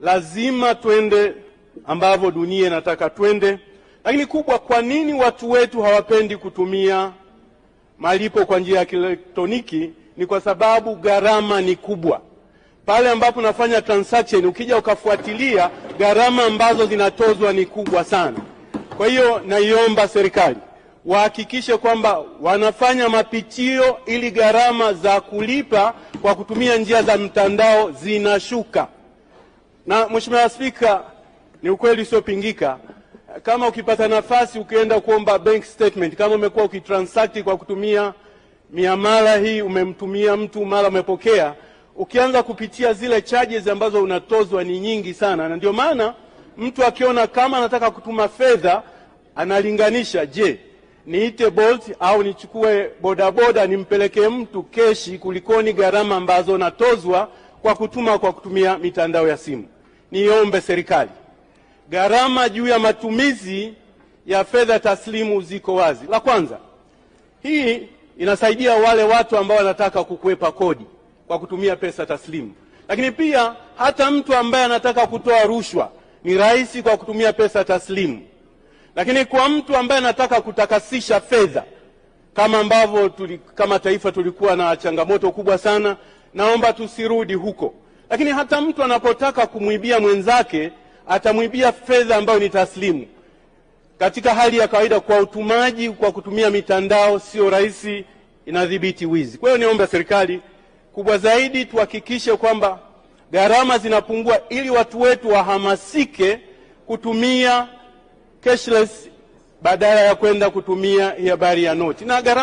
lazima twende ambavyo dunia inataka twende. Lakini kubwa, kwa nini watu wetu hawapendi kutumia malipo kwa njia ya kielektroniki? Ni kwa sababu gharama ni kubwa. Pale ambapo unafanya transaction, ukija ukafuatilia gharama ambazo zinatozwa ni kubwa sana. Kwa hiyo naiomba serikali wahakikishe kwamba wanafanya mapitio ili gharama za kulipa kwa kutumia njia za mtandao zinashuka. Na Mheshimiwa Spika, ni ukweli usiopingika kama ukipata nafasi ukienda kuomba bank statement, kama umekuwa ukitransact kwa kutumia miamala hii, umemtumia mtu mara umepokea, ukianza kupitia zile charges ambazo unatozwa ni nyingi sana, na ndio maana mtu akiona kama anataka kutuma fedha analinganisha, je, niite Bolt au nichukue bodaboda nimpelekee mtu keshi, kulikoni gharama ambazo natozwa kwa kutuma kwa kutumia mitandao ya simu niombe serikali, gharama juu ya matumizi ya fedha taslimu ziko wazi. La kwanza, hii inasaidia wale watu ambao wanataka kukwepa kodi kwa kutumia pesa taslimu, lakini pia hata mtu ambaye anataka kutoa rushwa ni rahisi kwa kutumia pesa taslimu. Lakini kwa mtu ambaye anataka kutakasisha fedha kama ambavyo tuli, kama taifa tulikuwa na changamoto kubwa sana, naomba tusirudi huko. Lakini hata mtu anapotaka kumwibia mwenzake atamwibia fedha ambayo ni taslimu. Katika hali ya kawaida, kwa utumaji kwa kutumia mitandao sio rahisi, inadhibiti wizi. Kwa hiyo niombe serikali kubwa zaidi tuhakikishe kwamba gharama zinapungua ili watu wetu wahamasike kutumia cashless badala ya kwenda kutumia habari ya noti na gharama